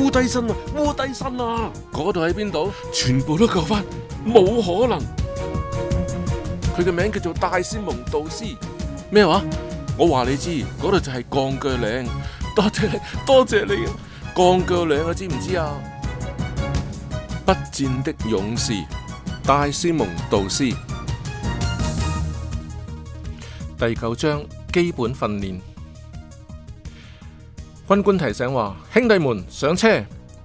烏低身啊，烏低身啊！嗰度喺邊度？全部都救翻，冇可能！佢嘅名叫做戴斯蒙杜斯，咩話？我話你知，嗰度就係鋼鋸嶺。多謝你，多謝你，鋼鋸嶺啊，知唔知啊？不戰的勇士，戴斯蒙杜斯，第九章基本訓練。軍官提醒話：兄弟們上車，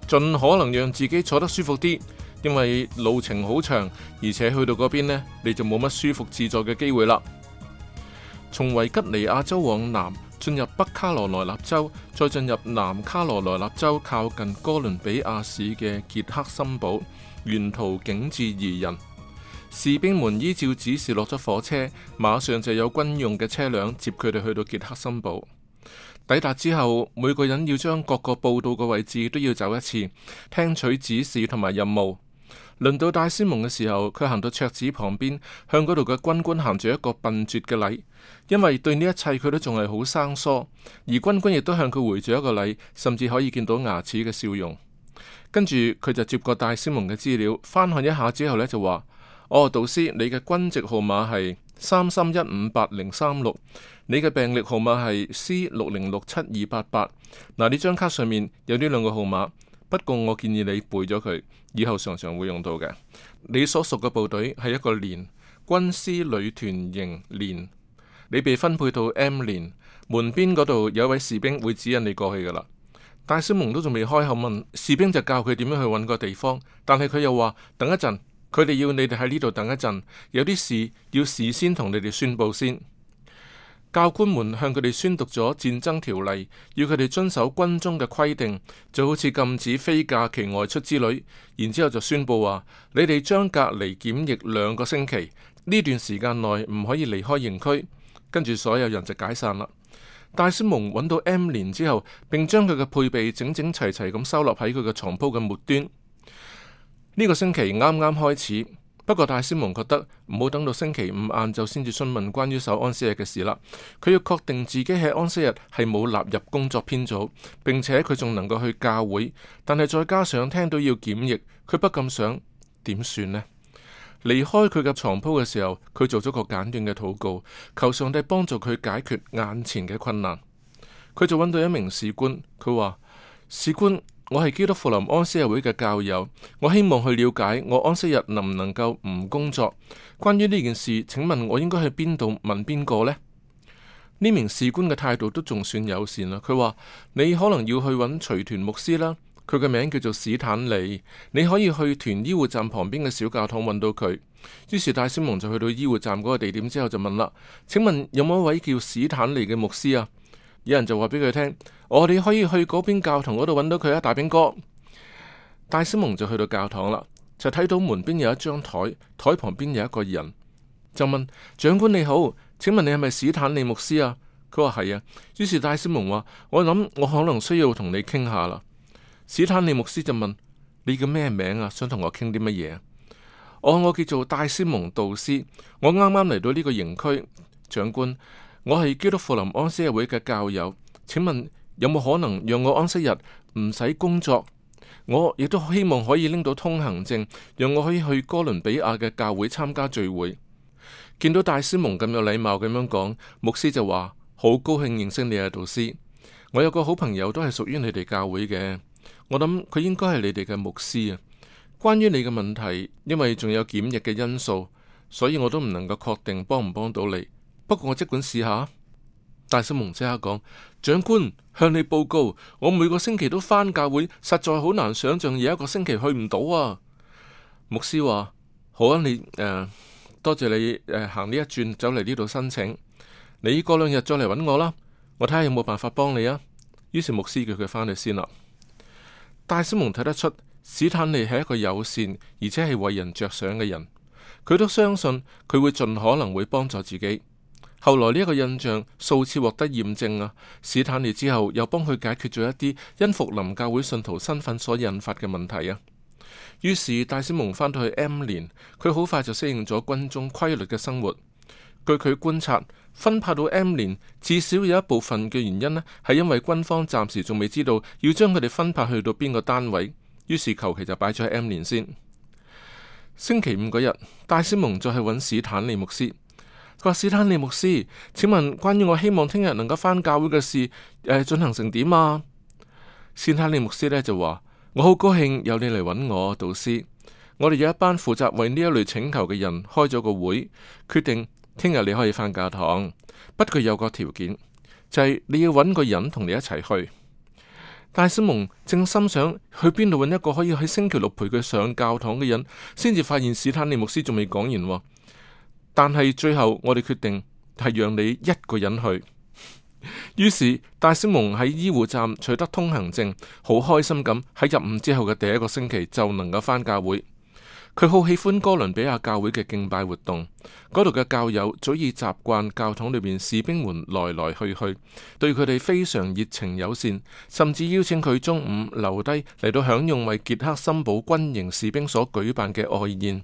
盡可能讓自己坐得舒服啲，因為路程好長，而且去到嗰邊呢，你就冇乜舒服自在嘅機會啦。從維吉尼亞州往南進入北卡羅來納州，再進入南卡羅來納州靠近哥倫比亞市嘅傑克森堡，沿途景致宜人。士兵們依照指示落咗火車，馬上就有軍用嘅車輛接佢哋去到傑克森堡。抵達之後，每個人要將各個報到嘅位置都要走一次，聽取指示同埋任務。輪到戴斯蒙嘅時候，佢行到桌子旁邊，向嗰度嘅軍官行住一個笨拙嘅禮，因為對呢一切佢都仲係好生疏。而軍官亦都向佢回住一個禮，甚至可以見到牙齒嘅笑容。跟住佢就接過戴斯蒙嘅資料，翻看一下之後呢，就話：哦，杜斯，你嘅軍籍號碼係，三三一五八零三六，36，你嘅病歷號碼係 C 六零六七二八八。嗱，呢張卡上面有呢兩個號碼，不過我建議你背咗佢，以後常常會用到嘅。你所屬嘅部隊係一個連，軍師旅團營連，你被分配到 M 連，門邊嗰度有一位士兵會指引你過去噶啦。戴斯蒙都仲未開口問，士兵就教佢點樣去搵個地方，但係佢又話等一陣。佢哋要你哋喺呢度等一陣，有啲事要事先同你哋宣佈先。教官們向佢哋宣讀咗戰爭條例，要佢哋遵守軍中嘅規定，就好似禁止非假期外出之旅。然之後就宣佈話：你哋將隔離檢疫兩個星期，呢段時間內唔可以離開營區。跟住所有人就解散啦。戴斯蒙揾到 M 連之後，並將佢嘅配備整整齊齊咁收落喺佢嘅床鋪嘅末端。呢個星期啱啱開始，不過戴斯蒙覺得唔好等到星期五晏晝先至詢問關於守安息日嘅事啦。佢要確定自己喺安息日係冇納入工作編組，並且佢仲能夠去教會。但係再加上聽到要檢疫，佢不禁想點算呢？離開佢嘅床鋪嘅時候，佢做咗個簡短嘅禱告，求上帝幫助佢解決眼前嘅困難。佢就揾到一名士官，佢話士官，我係基督復臨安息日會嘅教友，我希望去了解我安息日能唔能夠唔工作。關於呢件事，請問我應該去邊度問邊個呢？呢名士官嘅態度都仲算友善啦。佢話你可能要去揾隨團牧師啦，佢嘅名叫做史坦利，你可以去團醫護站旁邊嘅小教堂揾到佢。於是戴斯蒙就去到醫護站嗰個地點之後就問啦，請問有冇一位叫史坦利嘅牧師啊？有人就話俾佢聽，我哋可以去嗰邊教堂嗰度揾到佢啊，大兵哥。戴斯蒙就去到教堂啦，就睇到門邊有一張台，台旁邊邊有一個人，就問長官你好，請問你係咪史坦利牧師啊？佢話係啊。於是戴斯蒙話：我諗我可能需要同你傾下啦。史坦利牧師就問：你叫咩名啊？想同我傾啲乜嘢？我、哦、我叫做戴斯蒙道斯，我啱啱嚟到呢個營區，長官。我係基督復臨安息日會嘅教友，請問有冇可能讓我安息日唔使工作？我亦都希望可以拎到通行證，讓我可以去哥倫比亞嘅教會參加聚會。見到戴斯蒙咁有禮貌咁樣講，牧師就話：好高興認識你啊，杜斯。我有個好朋友都係屬於你哋教會嘅，我諗佢應該係你哋嘅牧師啊。關於你嘅問題，因為仲有檢疫嘅因素，所以我都唔能夠確定幫唔幫到你。不過我即管試下，戴斯蒙即刻講：長官，向你報告，我每個星期都返教會，實在好難想象有一個星期去唔到啊！牧師話：好啊，你誒、呃、多謝你誒行呢一轉，走嚟呢度申請。你過兩日再嚟搵我啦，我睇下有冇辦法幫你啊。於是牧師叫佢返去先啦。戴斯蒙睇得出史坦利係一個友善而且係為人着想嘅人，佢都相信佢會盡可能會幫助自己。後來呢一個印象數次獲得驗證啊，史坦尼之後又幫佢解決咗一啲因復臨教會信徒身份所引發嘅問題啊。於是戴斯蒙翻到去 M 連，佢好快就適應咗軍中規律嘅生活。據佢觀察，分派到 M 連至少有一部分嘅原因呢，係因為軍方暫時仲未知道要將佢哋分派去到邊個單位，於是求其就擺咗喺 M 連先。星期五嗰日，戴斯蒙再去揾史坦尼牧師。佢話史坦尼牧師，請問關於我希望聽日能夠返教會嘅事，誒、呃、進行成點啊？史坦尼牧師呢就話：我好高興有你嚟搵我導師。我哋有一班負責為呢一類請求嘅人開咗個會，決定聽日你可以返教堂，不過有個條件，就係、是、你要搵個人同你一齊去。戴斯蒙正心想去邊度搵一個可以喺星期六陪佢上教堂嘅人，先至發現史坦尼牧師仲未講完。但係最後，我哋決定係讓你一個人去。於是戴斯蒙喺醫護站取得通行證，好開心咁喺入伍之後嘅第一個星期就能夠返教會。佢好喜歡哥倫比亞教會嘅敬拜活動，嗰度嘅教友早已習慣教堂裏邊士兵們來來去去，對佢哋非常熱情友善，甚至邀請佢中午留低嚟到享用為傑克森堡軍營士兵所舉辦嘅愛宴。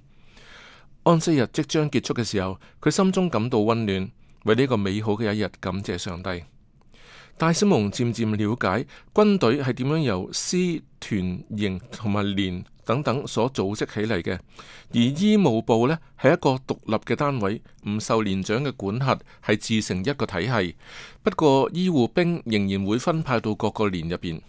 安息日即將結束嘅時候，佢心中感到溫暖，為呢個美好嘅一日感謝上帝。戴斯蒙漸漸了解軍隊係點樣由師、團、營同埋連等等所組織起嚟嘅，而醫務部呢，係一個獨立嘅單位，唔受連長嘅管轄，係自成一個體系。不過醫護兵仍然會分派到各個連入邊。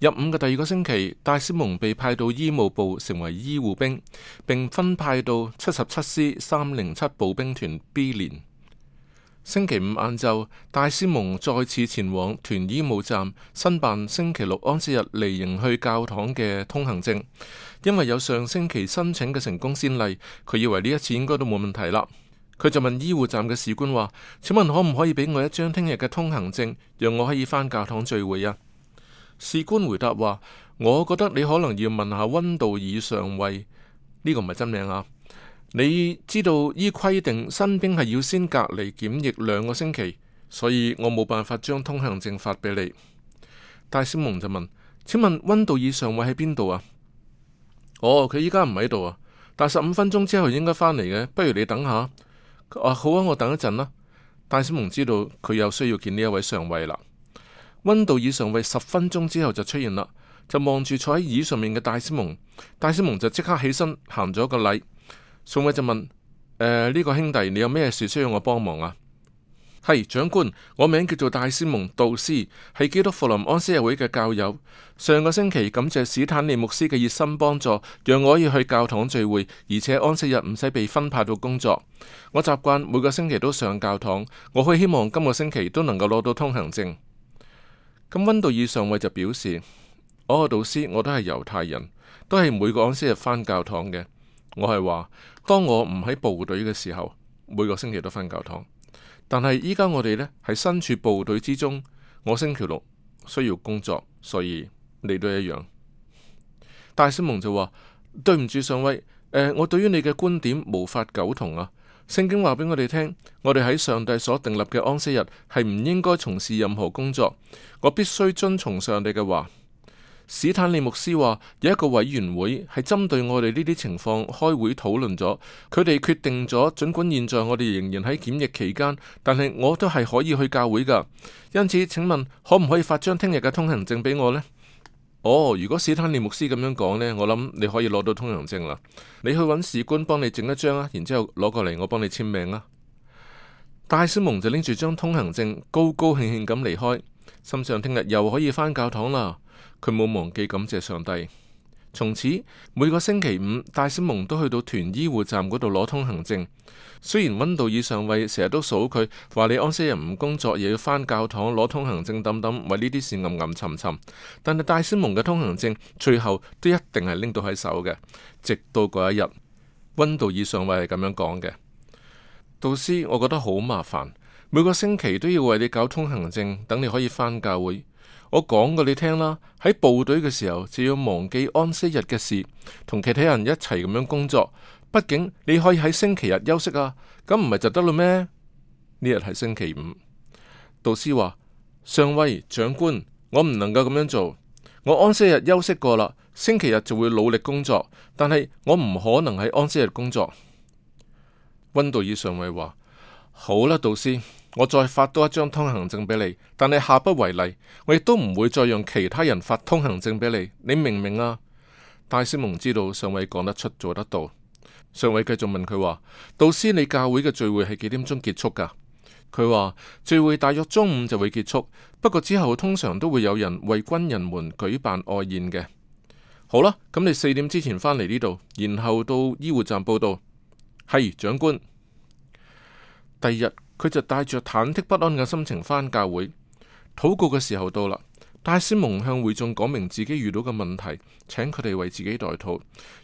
入伍嘅第二個星期，戴斯蒙被派到醫務部成為醫護兵，並分派到七十七師三零七步兵團 B 連。星期五晏晝，戴斯蒙再次前往團醫務站申辦星期六安息日離營去教堂嘅通行證，因為有上星期申請嘅成功先例，佢以為呢一次應該都冇問題啦。佢就問醫護站嘅士官話：請問可唔可以俾我一張聽日嘅通行證，讓我可以返教堂聚會啊？士官回答話：我覺得你可能要問下温度以上尉，呢個唔係真名啊。你知道依規定新兵係要先隔離檢疫兩個星期，所以我冇辦法將通行証發俾你。戴斯蒙就問：請問温度以上尉喺邊度啊？哦，佢依家唔喺度啊，但十五分鐘之後應該翻嚟嘅。不如你等下。啊，好啊，我等一陣啦。戴斯蒙知道佢有需要見呢一位上尉啦。温度以上尉，十分鐘之後就出現啦。就望住坐喺椅上面嘅戴斯蒙，戴斯蒙就即刻起身行咗個禮。上尉就問：呢、呃呢個兄弟，你有咩事需要我幫忙啊？係長官，我名叫做戴斯蒙杜斯，係基督復臨安息日會嘅教友。上個星期感謝史坦尼牧師嘅熱心幫助，讓我可以去教堂聚會，而且安息日唔使被分派到工作。我習慣每個星期都上教堂，我好希望今個星期都能夠攞到通行證。咁溫度以上尉就表示，我個導師我都係猶太人，都係每個安息日翻教堂嘅。我係話，當我唔喺部隊嘅時候，每個星期都翻教堂。但係依家我哋呢係身處部隊之中，我星期六需要工作，所以你都一樣。戴斯蒙就話：對唔住上尉，誒、呃，我對於你嘅觀點無法苟同啊。聖經話俾我哋聽，我哋喺上帝所訂立嘅安息日係唔應該從事任何工作。我必須遵從上帝嘅話。史坦利牧師話，有一個委員會係針對我哋呢啲情況開會討論咗，佢哋決定咗，儘管現在我哋仍然喺檢疫期間，但係我都係可以去教會噶因此，請問可唔可以發張聽日嘅通行證俾我呢？哦，如果史坦尼牧師咁樣講呢，我諗你可以攞到通行證啦。你去揾士官幫你整一張啊，然之後攞過嚟，我幫你簽名啊。戴斯蒙就拎住張通行證，高高興興咁離開，心想聽日又可以返教堂啦。佢冇忘記感謝上帝。從此每個星期五，戴斯蒙都去到團醫護站嗰度攞通行證。雖然溫道爾上尉成日都數佢，話你安息日唔工作，又要返教堂攞通行證等等，為呢啲事暗暗沉沉。但係戴斯蒙嘅通行證，最後都一定係拎到喺手嘅。直到嗰一日，溫道爾上尉係咁樣講嘅：導師，我覺得好麻煩，每個星期都要為你搞通行證，等你可以返教會。我講過你聽啦，喺部隊嘅時候就要忘記安息日嘅事，同其他人一齊咁樣工作。畢竟你可以喺星期日休息啊，咁唔係就得咯咩？呢日係星期五，杜斯話：上尉長官，我唔能夠咁樣做。我安息日休息過啦，星期日就會努力工作，但係我唔可能喺安息日工作。溫道爾上尉話：好啦，杜斯。我再發多一張通行證俾你，但你下不為例，我亦都唔會再讓其他人發通行證俾你。你明唔明啊？戴斯蒙知道，上位講得出，做得到。上位繼續問佢話：杜斯，你教會嘅聚會係幾點鐘結束噶？佢話聚會大約中午就會結束，不過之後通常都會有人為軍人們舉辦外宴嘅。好啦，咁你四點之前返嚟呢度，然後到醫護站報道。係長官。第二日。佢就帶着忐忑不安嘅心情返教會，禱告嘅時候到啦，戴斯蒙向會眾講明自己遇到嘅問題，請佢哋為自己代禱，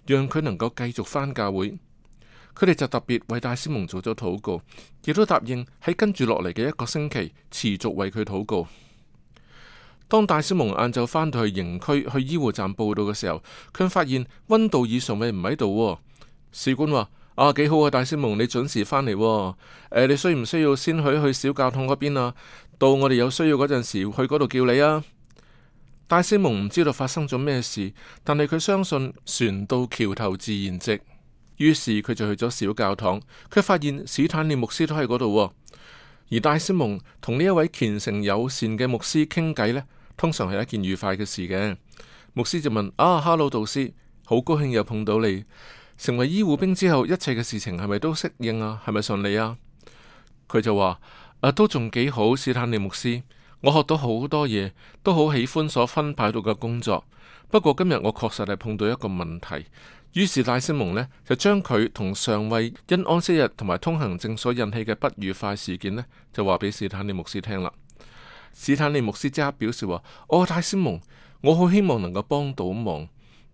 讓佢能夠繼續返教會。佢哋就特別為戴斯蒙做咗禱告，亦都答應喺跟住落嚟嘅一個星期持續為佢禱告。當戴斯蒙晏晝翻到去營區去醫護站報到嘅時候，佢發現溫道爾上尉唔喺度，士官話。啊，幾好啊！戴斯蒙，你準時返嚟，啊，誒、啊，你需唔需要先去去小教堂嗰邊啊？到我哋有需要嗰陣時，去嗰度叫你啊！戴斯蒙唔知道發生咗咩事，但係佢相信船到橋頭自然直，於是佢就去咗小教堂，佢發現史坦利牧師都喺嗰度。而戴斯蒙同呢一位虔誠友善嘅牧師傾偈呢，通常係一件愉快嘅事嘅。牧師就問：啊，哈嘍，杜斯，好高興又碰到你。成為醫護兵之後，一切嘅事情係咪都適應啊？係咪順利啊？佢就話：啊，都仲幾好。史坦利牧師，我學到好多嘢，都好喜歡所分派到嘅工作。不過今日我確實係碰到一個問題。於是戴斯蒙呢，就將佢同上尉因安息日同埋通行證所引起嘅不愉快事件呢，就話俾史坦利牧師聽啦。史坦利牧師即刻表示話：哦，戴斯蒙，我好希望能夠幫到忙。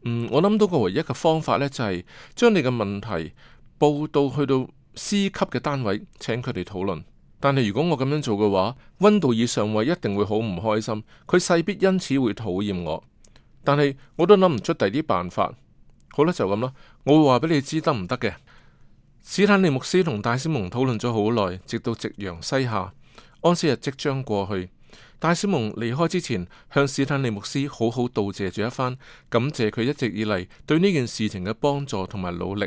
嗯，我諗到個唯一嘅方法咧，就係、是、將你嘅問題報到去到司級嘅單位，請佢哋討論。但係如果我咁樣做嘅話，溫道爾上位一定會好唔開心，佢勢必因此會討厭我。但係我都諗唔出第啲辦法。好啦，就咁啦，我會話俾你知得唔得嘅。史坦尼牧師同戴斯蒙討論咗好耐，直到夕陽西下，安息日即將過去。大戴斯蒙離開之前，向史坦利牧師好好道謝住一番，感謝佢一直以嚟對呢件事情嘅幫助同埋努力。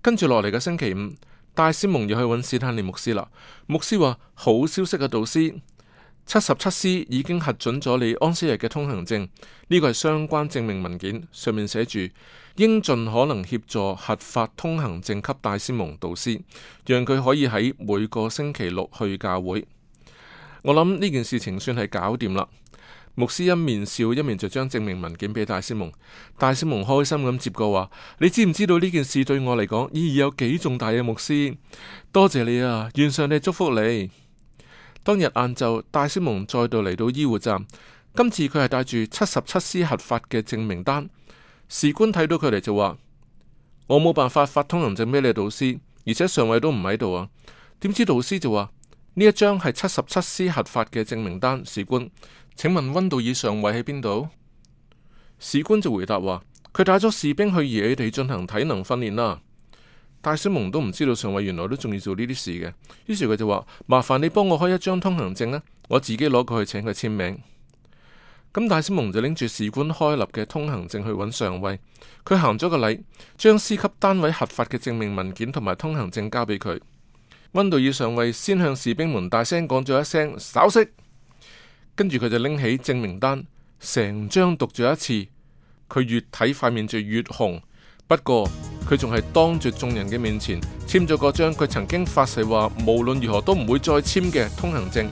跟住落嚟嘅星期五，戴斯蒙又去揾史坦利牧師啦。牧師話：好消息嘅導師，七十七師已經核准咗你安息日嘅通行證，呢個係相關證明文件，上面寫住應盡可能協助合法通行證給戴斯蒙導師，讓佢可以喺每個星期六去教會。我諗呢件事情算係搞掂啦。牧師一面笑一面就將證明文件俾戴斯蒙，戴斯蒙開心咁接過話：你知唔知道呢件事對我嚟講意義有幾重大嘅？牧師，多謝你啊，願上帝祝福你。當日晏晝，戴斯蒙再度嚟到醫護站，今次佢係帶住七十七師合法嘅證明單。士官睇到佢哋就話：我冇辦法發通行證俾你，杜斯，而且上尉都唔喺度啊。點知杜斯就話。呢一張係七十七師合法嘅證明單，士官，請問温杜爾上尉喺邊度？士官就回答話：佢帶咗士兵去野地進行體能訓練啦。戴斯蒙都唔知道上尉原來都仲要做呢啲事嘅，於是佢就話：麻煩你幫我開一張通行證啦，我自己攞過去請佢簽名。咁戴斯蒙就拎住士官開立嘅通行證去揾上尉，佢行咗個禮，將師級單位合法嘅證明文件同埋通行證交俾佢。溫度爾上尉先向士兵們大聲講咗一聲“稍息”，跟住佢就拎起證明單，成張讀咗一次。佢越睇塊面就越紅，不過佢仲係當住眾人嘅面前簽咗嗰張佢曾經發誓話無論如何都唔會再簽嘅通行證。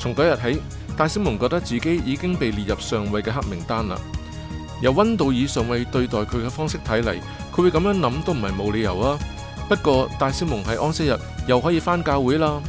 從嗰日起，戴斯蒙覺得自己已經被列入上尉嘅黑名單啦。由溫度爾上尉對待佢嘅方式睇嚟，佢會咁樣諗都唔係冇理由啊。不過，戴斯蒙係安息日，又可以返教會啦。